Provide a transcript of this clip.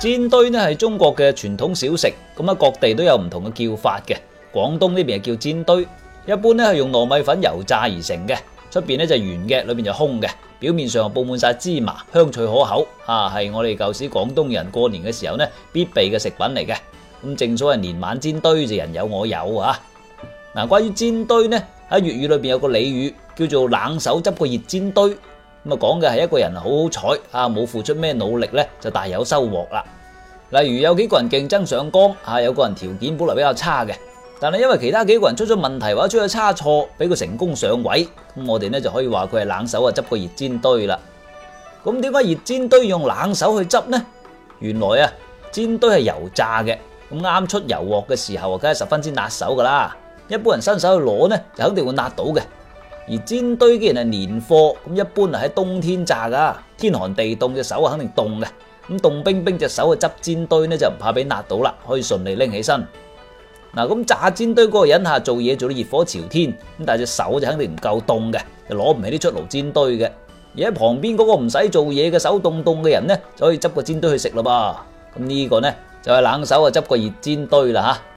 煎堆呢係中國嘅傳統小食，咁啊各地都有唔同嘅叫法嘅。廣東呢邊係叫煎堆，一般呢係用糯米粉油炸而成嘅，出邊呢就圓嘅，裏邊就空嘅，表面上係布滿晒芝麻，香脆可口，啊係我哋舊時廣東人過年嘅時候呢必備嘅食品嚟嘅。咁正所謂年晚煎堆就人有我有啊。嗱，關於煎堆呢喺粵語裏邊有個俚語叫做冷手執個熱煎堆。咁啊，講嘅係一個人好好彩啊，冇付出咩努力呢，就大有收穫啦。例如有幾個人競爭上崗，啊有個人條件本來比較差嘅，但係因為其他幾個人出咗問題或者出咗差錯，俾佢成功上位。咁我哋呢就可以話佢係冷手啊，執個熱煎堆啦。咁點解熱煎堆用冷手去執呢？原來啊，煎堆係油炸嘅，咁啱出油鑊嘅時候啊，梗係十分之辣手噶啦。一般人伸手去攞呢，就肯定會辣到嘅。而煎堆既然係年貨，咁一般係喺冬天炸噶，天寒地凍，隻手啊肯定凍嘅，咁凍冰冰隻手啊執煎堆呢就唔怕俾辣到啦，可以順利拎起身。嗱，咁炸煎堆嗰個人吓做嘢做到熱火朝天，咁但係隻手就肯定唔夠凍嘅，就攞唔起啲出爐煎堆嘅。而喺旁邊嗰個唔使做嘢嘅手凍凍嘅人呢，就可以執個煎堆去食啦噃。咁、這、呢個呢就係、是、冷手啊執個熱煎堆啦吓。